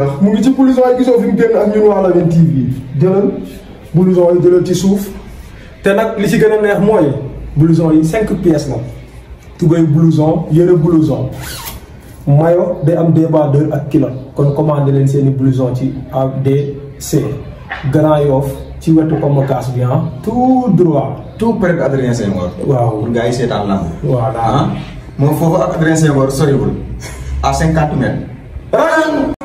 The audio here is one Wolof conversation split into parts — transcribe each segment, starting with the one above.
ndax mu ngi ci blouson yi gisoo fi mu génn ak ñun waa ci suuf te nag li ci gën a neex mooy blouson yi cinq pièces la tubéy blouson yëre blouson mayo day am débat deux ak kilo kon commandé leen seeni blouson ci ADC Grand Yoff ci wetu Pamocas bi ah tout droit tout près de Adrien Senghor waaw pour gars yi seetaan lamb ah, moom foofu ak Adrien Senghor à cinquante mètres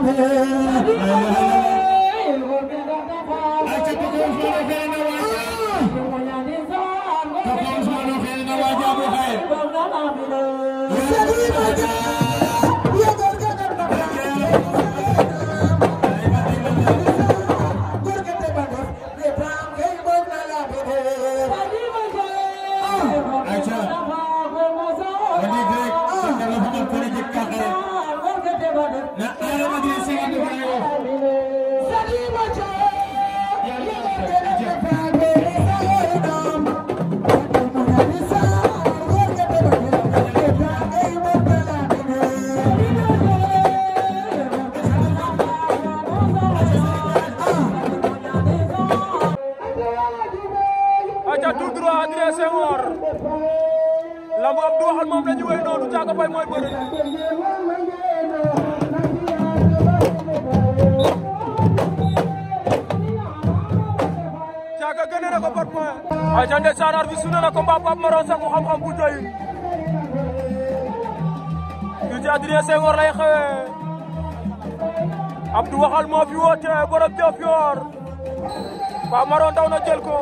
doon sàkku xam-xam bu doyul fii ci Adrien Senghor lay xewee Abdou Waxal moo fi woote borom Diofior Pape Maron daw na jël ko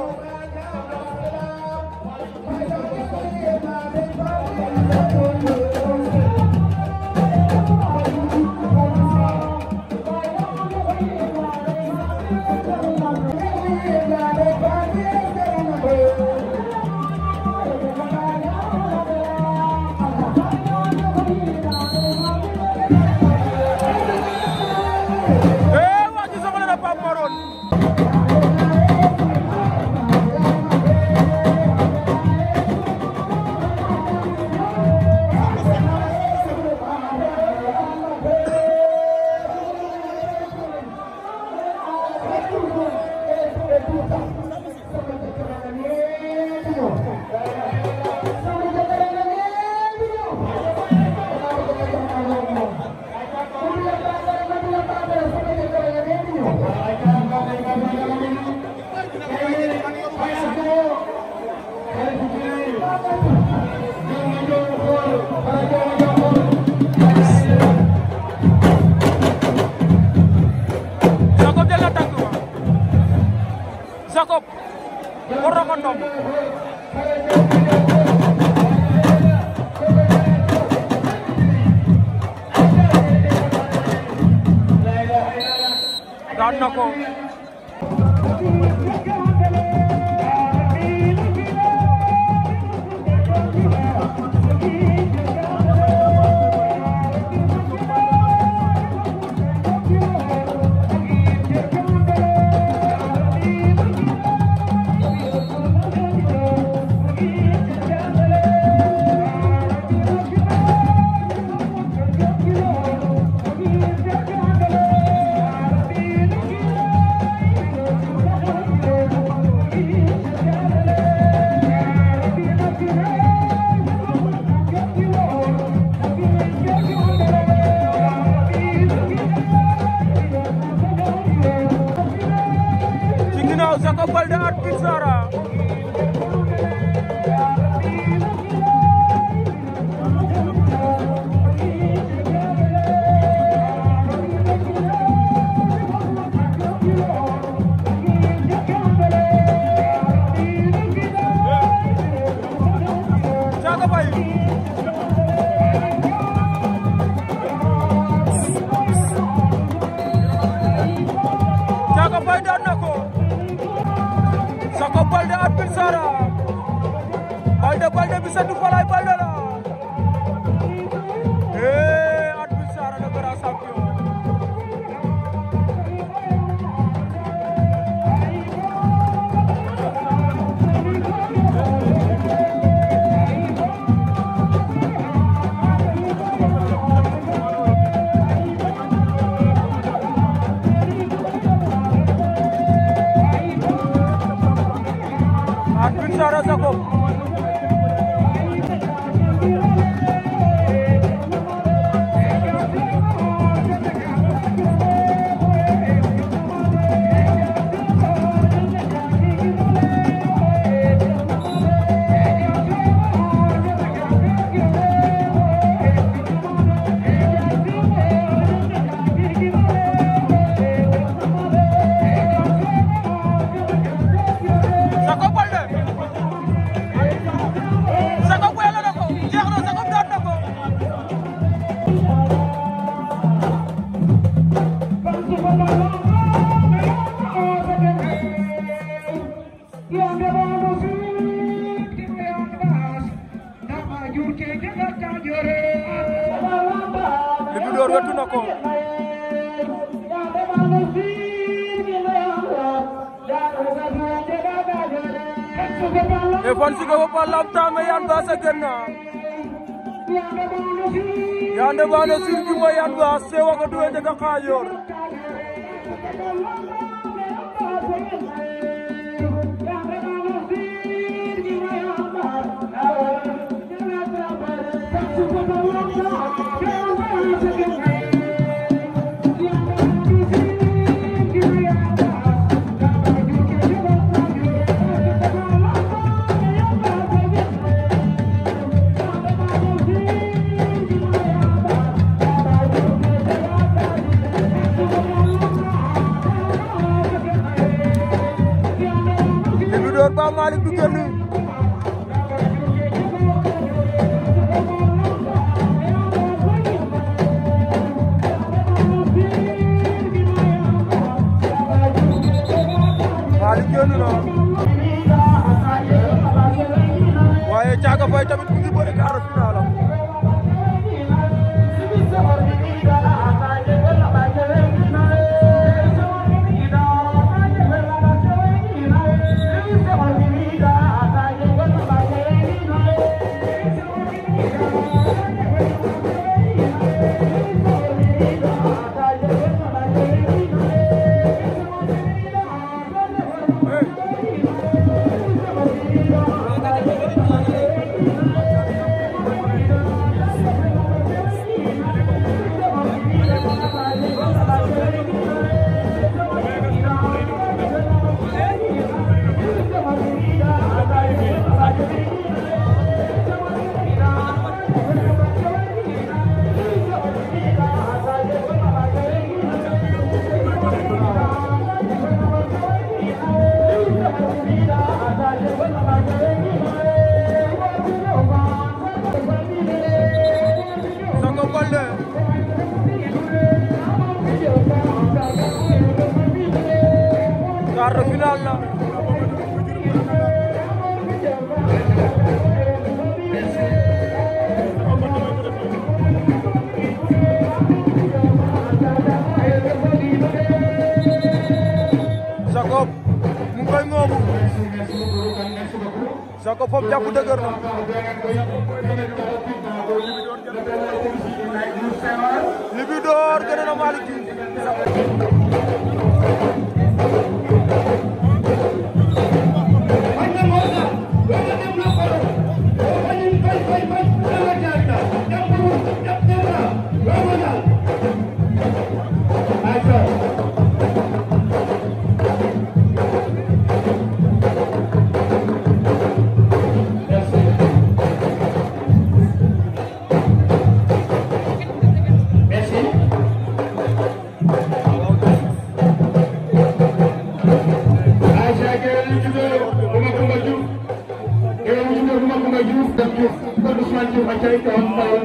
¡Eso, eso! ¡Eso, Jesús, Jesús, Jesús, সরজকম door wetu na ko e fonsigo fopa lamtame yan basa genna yande bane sirjimo yan bas se waga duwe jega kayor kër Ba Malick du génn Malick génn na waaye Thiaka Faye tamit ko foofu jàpp dëgër na Libidor gën na Malick Diouf Aïcha Gueye ñu tuddee Macoumba Diouf Gueye ñu tuddee Macoumba Diouf def Diouf kon Ousmane Diouf ak Thiel kawam Mbaye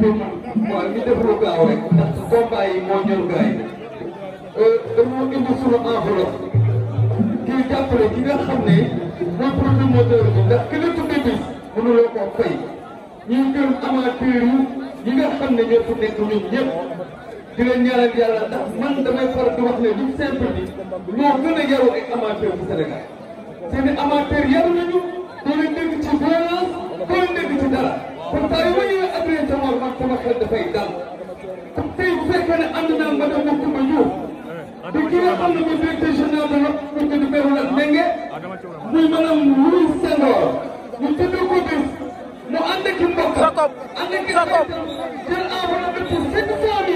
ne rapidement. waaw ñu def lu gaaw rek ndax combat yi moo ñor gaay dañoo indi suñu enveloppe kii jàppale ki nga xam ne mooy promoteur bi ndax ki la tuddee bis mënuloo koo fay ñuy gërëm amateur yi ñi nga xam ne ñoo fi nekk ñun ñëpp. di leen ñaanal yàlla ndax man damay faral di wax ne li simple moo gën a yaru ay i amateur yaru nañu doo leen dégg ci violence doo leen ci dara kon saa yu ma ñëwee Adrien Senghor man a xel dafay dal tey bu fekkee ne ànd naa ma dem Kumba Diouf te ki nga xam ne mooy directeur général de l'opération du maire Lat Menge muy maanaam Louis Senghor ñu tuddee ko bis mu ànd ak i mbokk ànd ak i xaritam jël enveloppe ci 700 000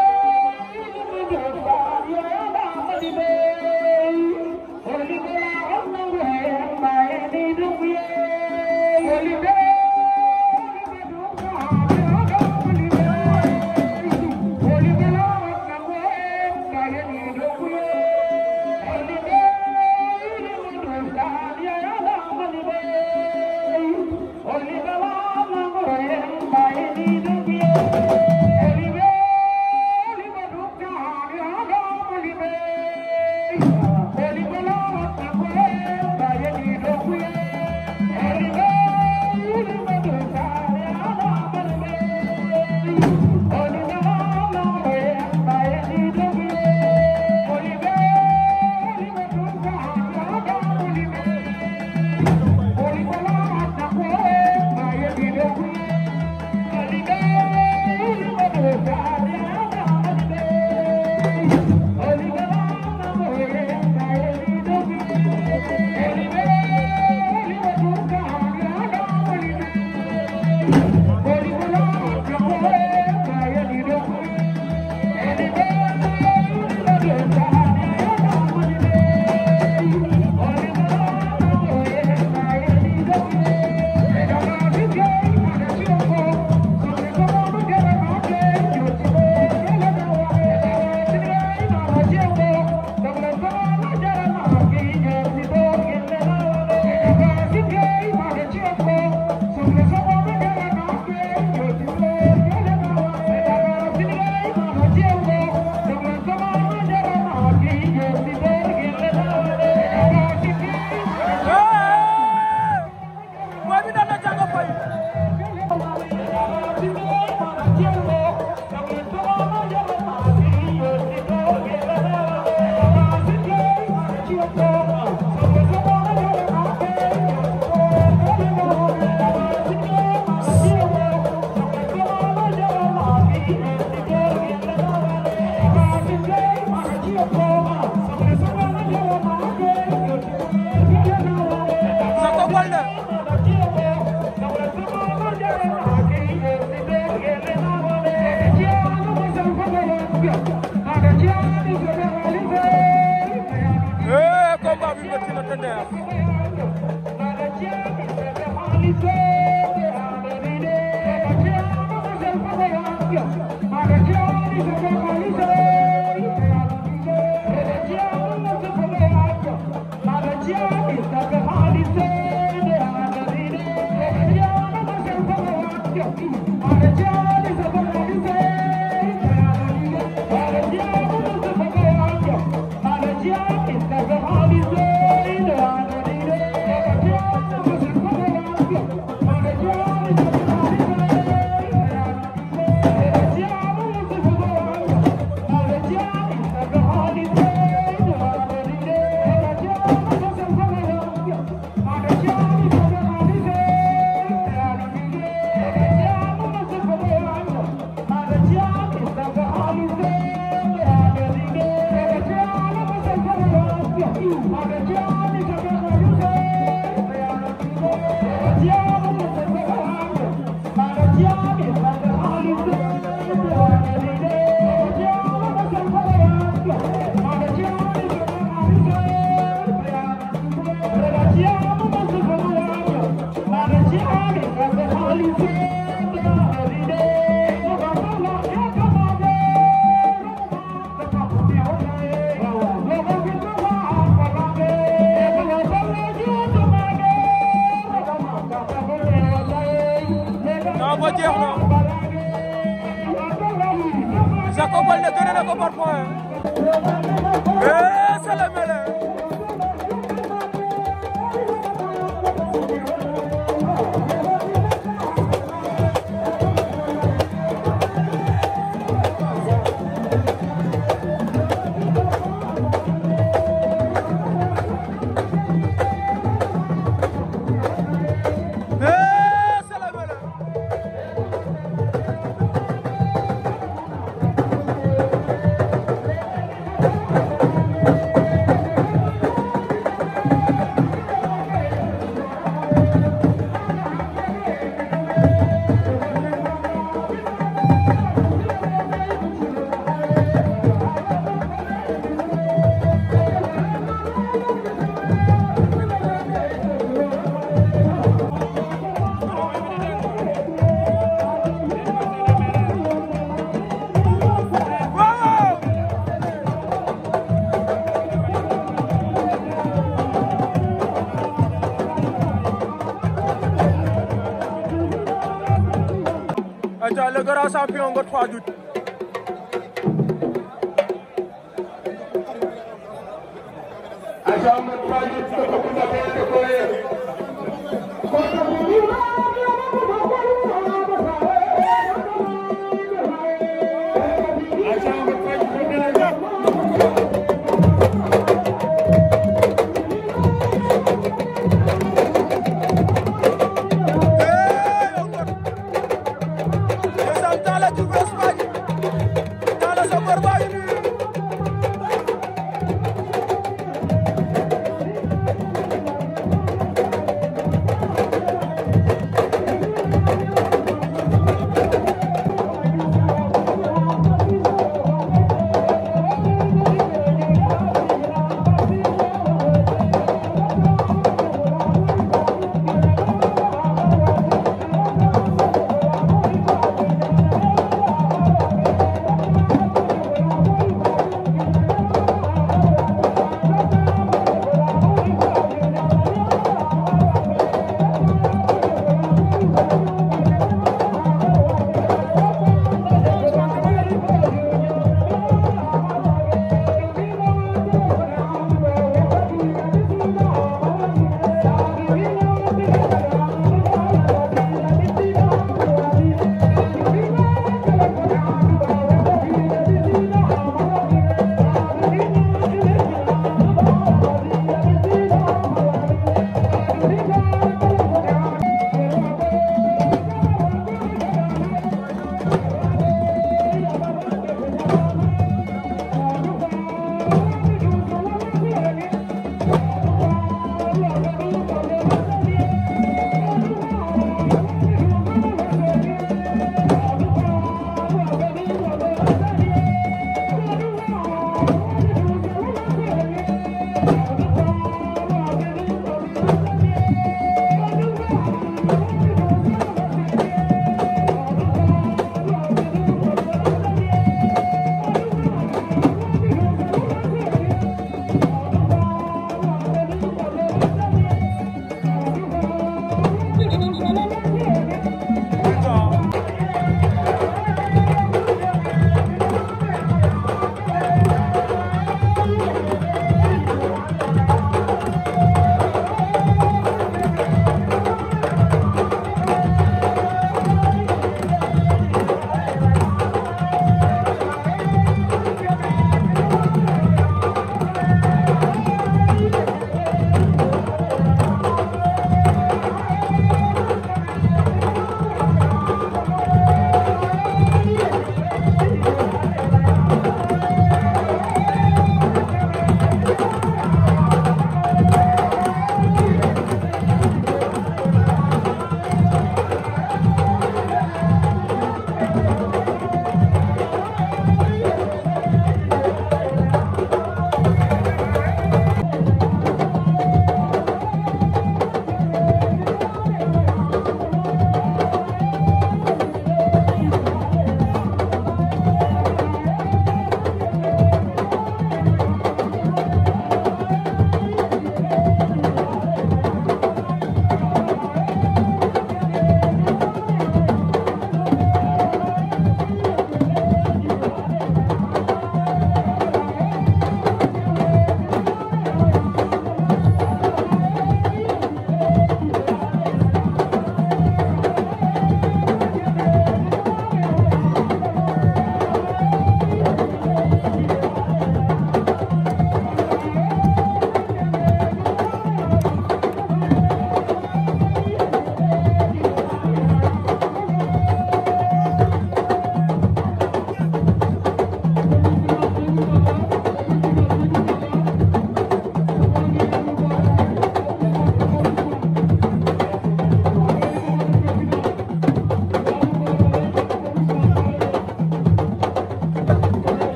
le grand champion Ngor Fadiouth Ngor Fadiouth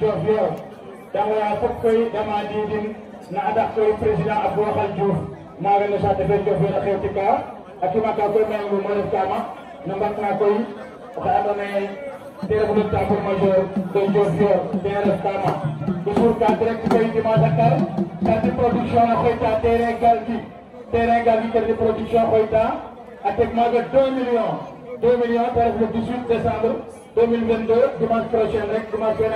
Diouf yow danga foog koy dama diidin na andax koy président Abdou Wakhal Diouf naga no saate fe Diouf yow a xewti ka a kima ka koy mayangu mo ref kama no mbatna koy oxe andoona yee te ref notable majeur de Diouf yow te ref kama toujours ka direct koy dimanche a kar kati production no xoyta terrain galgi terrain galgi kati production xoyta a teg maaga 2 millions 2 millions te ref le 18 décembre deux mille vingt deux dimanche prochain rek dimanche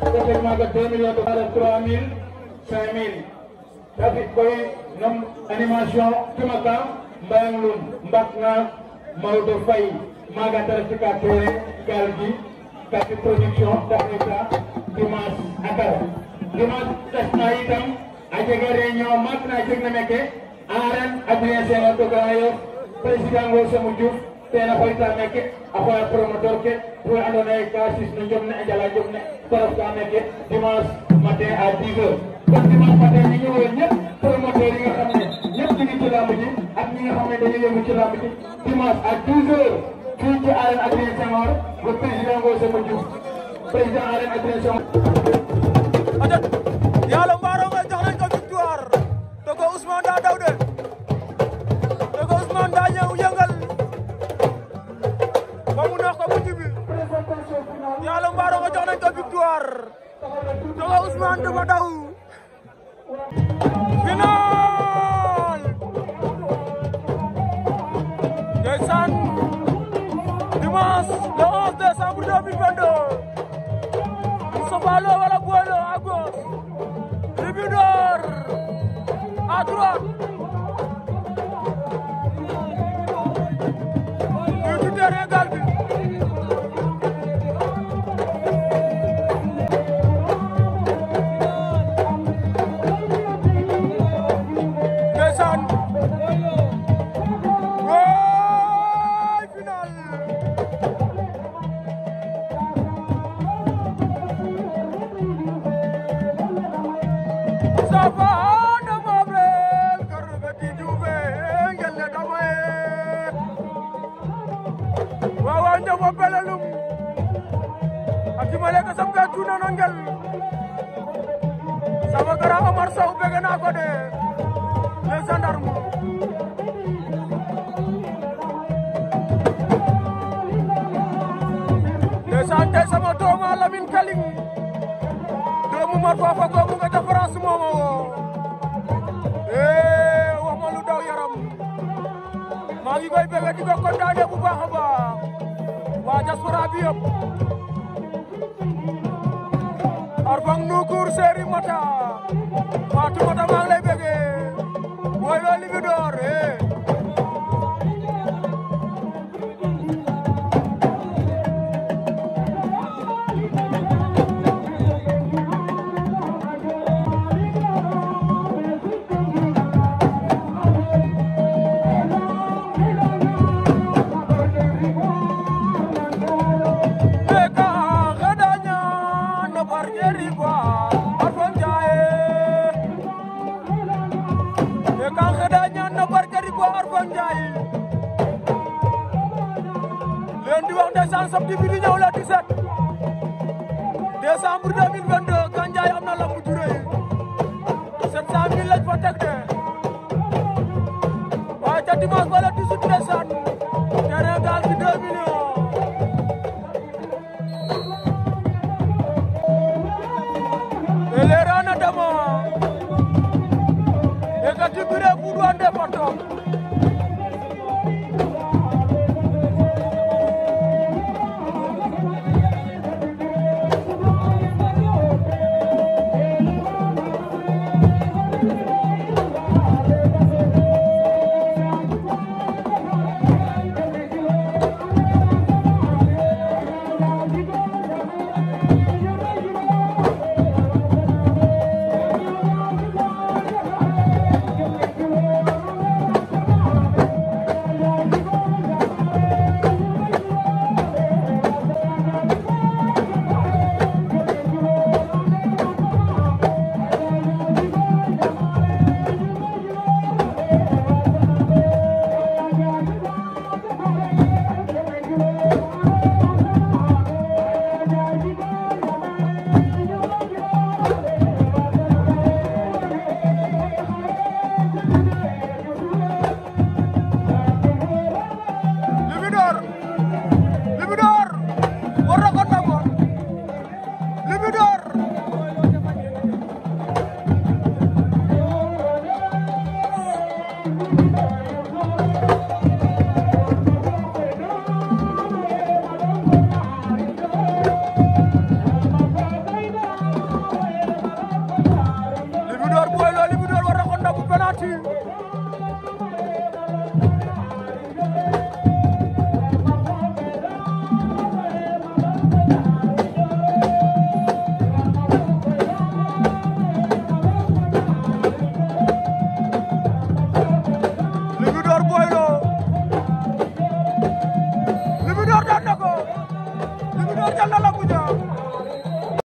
prochain magal deux millions de dollars trois mille cinq mille trafic boy ñoom animation Tumaka Mbayang Lum Mbak na Maodo Faye Maga Tarasika Tere gaal gi Katy production Tafrika dimanche akara dimanche des na itam a jega réunion mat na jeg na meke aren adrien sena dogayo président Ngor tena hoyta meke a hoya promoteur ke pour andona ye ka sisno jomne a jala jomne korof ka meke dimanche matin à 10 heures kon dimanche matin ñu ñëwoon ñëpp promoteur yi nga xam ne ñëpp ñu ngi ci lamb ji ak ñi nga xam ne dañuy yëngu ci lamb ji dimanche à 10 heures fii ci arène Adrien Senghor le président Ngor Samba Diouf président arène Adrien Senghor yàlla mbaaroo nga jox nañ ko victoire te ko Ousmane daa daw de jox nañ ko victoire Dogo Ousmane dafa daw final ndeysaan dimanche le 11 décembre 2022 Moustapha Lo wala Boy Lo sama papa googu nga ca France moo ma woo eh wax ma daw yaram maa ngi koy bëgg di ko kontaanee baax a baax waa diaspora bi yëpp Arfang Mata Fatou Mata maa ngi samedi bi di ñëw la 17 décembre 2022 Gandiaye am na lamb ju rëy 700000 lañ fa teg de waaye ca